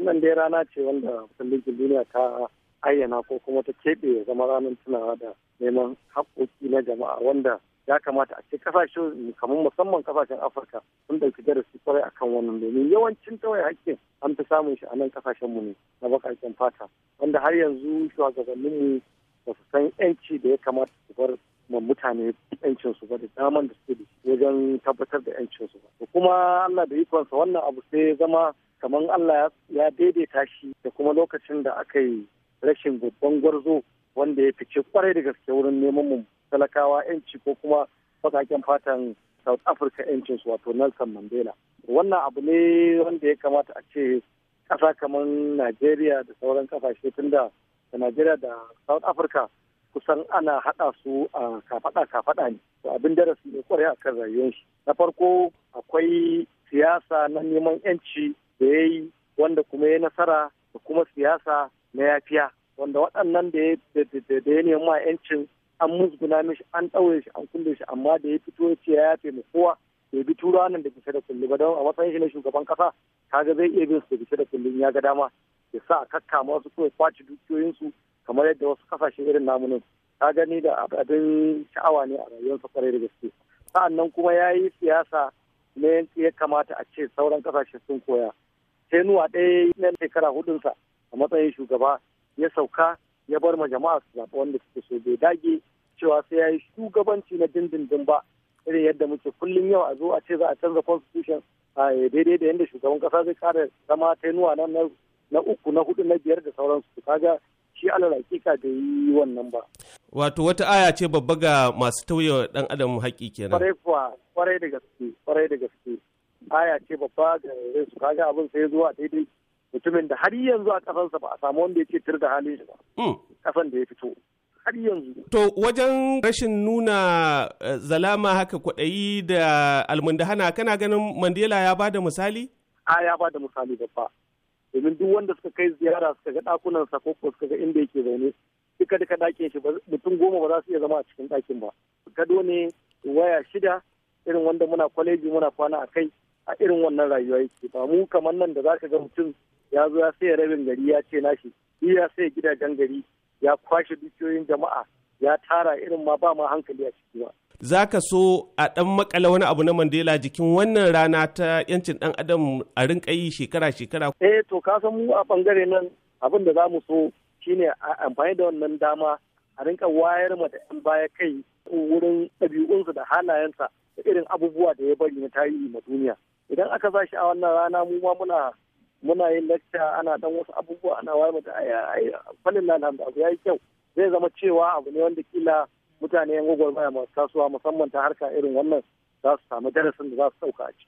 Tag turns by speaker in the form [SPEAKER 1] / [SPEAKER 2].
[SPEAKER 1] wannan dai rana ce wanda kullikin duniya ta ayyana ko kuma ta keɓe zama ranar tunawa da neman haƙƙoƙi na jama'a wanda ya kamata a ce kasashe kamar musamman kasashen afirka sun ɗauki darasi kwarai akan wannan domin yawancin kawai hakkin an fi samun shi a nan kasashen mu ne na baƙaƙen fata wanda har yanzu shugabannin mu ba su san yanci da ya kamata su bar ma mutane yancin su ba da daman da suke da wajen tabbatar da yancin su ba kuma Allah da ikonsa wannan abu sai zama kamar Allah ya daidaita shi da kuma lokacin da aka yi rashin babban gwarzo wanda ya fice kwarai da gaske wurin neman mu talakawa yanci ko kuma fakaken fatan South Africa yancin su wato Nelson Mandela. Wannan abu ne wanda ya kamata a ce ƙasa kamar Najeriya da sauran kafashe tunda da Najeriya da South Africa kusan ana haɗa su a kafaɗa kafaɗa ne. To abin darasi ne kwarai a kan rayuwar shi. Na farko akwai siyasa na neman yanci da ya yi wanda kuma ya nasara da kuma siyasa na yafiya wanda waɗannan da ya nema yancin an musguna mishi an ɗaure shi an kulle shi amma da ya fito ya ce ya yafe mu kowa bai bi tura nan da bisa da kulle ba don a matsayin shi na shugaban kasa kaga zai iya bin su da bisa da kulle ya ga dama ya sa a kakka su kuma ya kwace dukiyoyinsu kamar yadda wasu kasashe irin namu ne kaga gani da abin sha'awa ne a rayuwarsa kwarai da gaske sa'annan kuma ya yi siyasa ne ya kamata a ce sauran kasashe sun koya nuwa ɗaya na shekara hudunsa a matsayin shugaba ya sauka ya bar ma jama'a su zaɓi wanda suke so bai dage cewa sai ya yi shugabanci na dindindin ba irin yadda muke kullum yau a zo a ce za a canza constitution a daidai da yadda shugaban kasa zai kara zama nuwa na na uku na hudu na biyar da sauransu kaga shi alal hakika da yi wannan ba.
[SPEAKER 2] Wato wata aya ce babba ga masu tauye dan adam haƙƙi kenan. Kwarai
[SPEAKER 1] kuwa kwarai da gaske kwarai da gaske. aya ce babba ga su kaga abin sai zuwa daidai mutumin da har yanzu a kafansa ba a samu wanda ya ce tur da halin shi ba kafan hmm. da ya fito
[SPEAKER 2] har yanzu to wajen rashin nuna eh, zalama haka kwaɗayi da almundahana kana ganin mandela ya ba da misali a ya ba da misali babba
[SPEAKER 1] domin duk wanda suka kai ziyara suka ga ɗakunansa sa ko suka ga inda yake zaune duka duka ɗakin shi mutum goma ba za su iya zama a cikin ɗakin ba gado ne waya shida irin wanda muna kwaleji muna kwana a kai a irin wannan rayuwa yake ba mu kamar nan da zaka ga mutum ya zo ya saya rabin gari ya ce nashi shi ya saya gidajen gari ya kwashe dukiyoyin jama'a ya tara irin ma ba ma hankali a ciki ba
[SPEAKER 2] zaka so a ɗan makala wani abu na Mandela jikin wannan rana ta yancin dan adam a rinka yi shekara-shekara. Eh to
[SPEAKER 1] ka san mu a bangare nan abin da za mu so shine a amfani da wannan dama a rinka wayar ma da 'yan baya kai wurin ɗabi'unsu da halayensa da irin abubuwa da ya bari na tarihi ma duniya. idan aka sa shi a wannan rana mu ma muna muna yin lecture ana dan wasu abubuwa ana wayar da fannin na da abu yayi kyau zai zama cewa abu ne wanda kila mutane yan gwagwarmaya masu kasuwa musamman ta harka irin wannan za su samu darasin da za su sauka a ciki